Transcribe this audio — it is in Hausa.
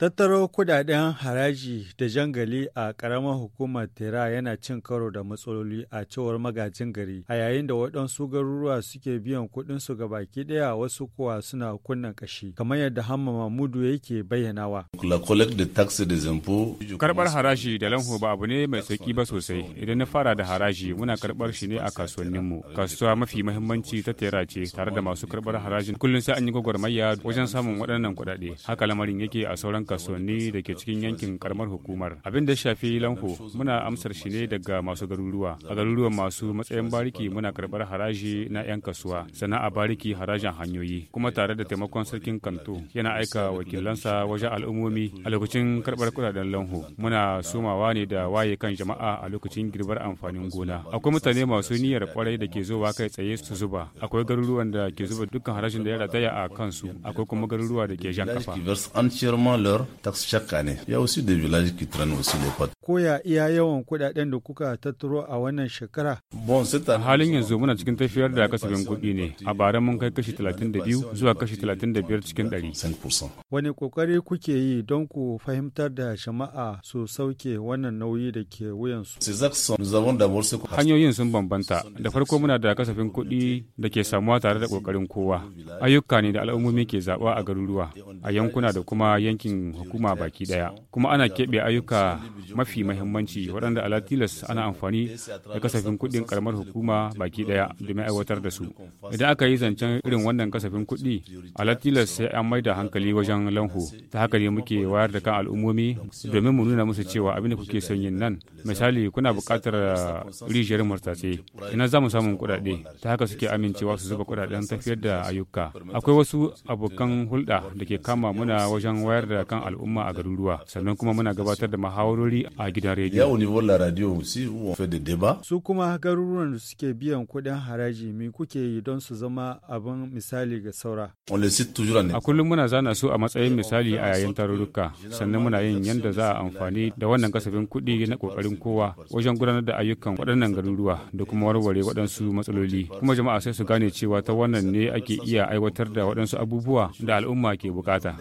Tattaro kudaden haraji da jangali a karamar hukumar Tera yana cin karo da matsaloli a cewar magajin gari, a yayin da waɗansu garuruwa suke biyan kuɗin su baki ɗaya wasu kuwa suna kunnan kashi, kamar yadda Hamma Mahmudu yake bayyanawa. Karɓar haraji da lanho ba abu ne mai sauƙi ba sosai, idan na fara da haraji muna karɓar shi ne a kasuwanninmu. Kasuwa mafi mahimmanci ta Tera ce tare da masu karɓar harajin kullum sai an yi gwagwarmaya wajen samun waɗannan kuɗaɗe. Haka lamarin yake a sauran kasuwanni da ke cikin yankin karamar hukumar abin da shafi lanko muna amsar shi ne daga masu garuruwa a garuruwan masu matsayin bariki muna karbar haraji na 'yan kasuwa sannan a bariki harajin hanyoyi kuma tare da taimakon sarkin kanto yana aika wakilansa wajen al'ummomi a lokacin karbar kudaden lanho muna sumawa ne da waye kan jama'a a lokacin girbar amfanin gona akwai mutane masu niyyar kwarai da ke zuwa kai tsaye su zuba akwai garuruwan da ke zuba dukkan harajin da ya rataya a kansu akwai kuma garuruwa da ke jan kafa chaque année. Il y a aussi des villages qui traînent aussi les potes. koya iya yawan kuɗaɗen da kuka tattaro a wannan shekara? A halin yanzu muna cikin tafiyar da kasafin kuɗi ne, a bara mun kai kashi 32 zuwa kashi 35 cikin 100. Wani ƙoƙari kuke yi don ku fahimtar da jama'a su sauke wannan nauyi da ke wuyansu? Hanyoyin sun bambanta, da farko muna da kasafin kuɗi da ke samuwa tare da ƙoƙarin kowa. Ayyuka ne da al'ummomi ke zaɓa a garuruwa, a yankuna da kuma yankin hukuma baki ɗaya. Kuma ana keɓe ayyuka mafi mafi mahimmanci waɗanda ala latilas ana amfani da kasafin kuɗin karamar hukuma baki ɗaya domin aiwatar da su idan aka yi zancen irin wannan kasafin kuɗi ala tilas sai an mai da hankali wajen lanho ta haka ne muke wayar da kan al'ummomi domin mu nuna musu cewa abin da kuke son yin nan misali kuna buƙatar uh, rijiyar murtatse ina za mu samun kuɗaɗe ta haka suke amincewa su zuba kuɗaɗen tafiyar da ayyuka akwai wasu abokan hulɗa da ke kama muna wajen wayar da kan al'umma a garuruwa sannan kuma muna gabatar da muhawarori a a gidan rediyo. radio si Su kuma garuruwan da suke biyan kuɗin haraji me kuke yi don su zama abin misali ga saura. A kullum muna zana su a matsayin misali a yayin tarurruka sannan muna yin yanda za a amfani da wannan kasafin kuɗi na kokarin kowa wajen gudanar da ayyukan waɗannan garuruwa da kuma warware waɗansu matsaloli kuma jama'a sai su gane cewa ta wannan ne ake iya aiwatar da waɗansu abubuwa da al'umma ke bukata.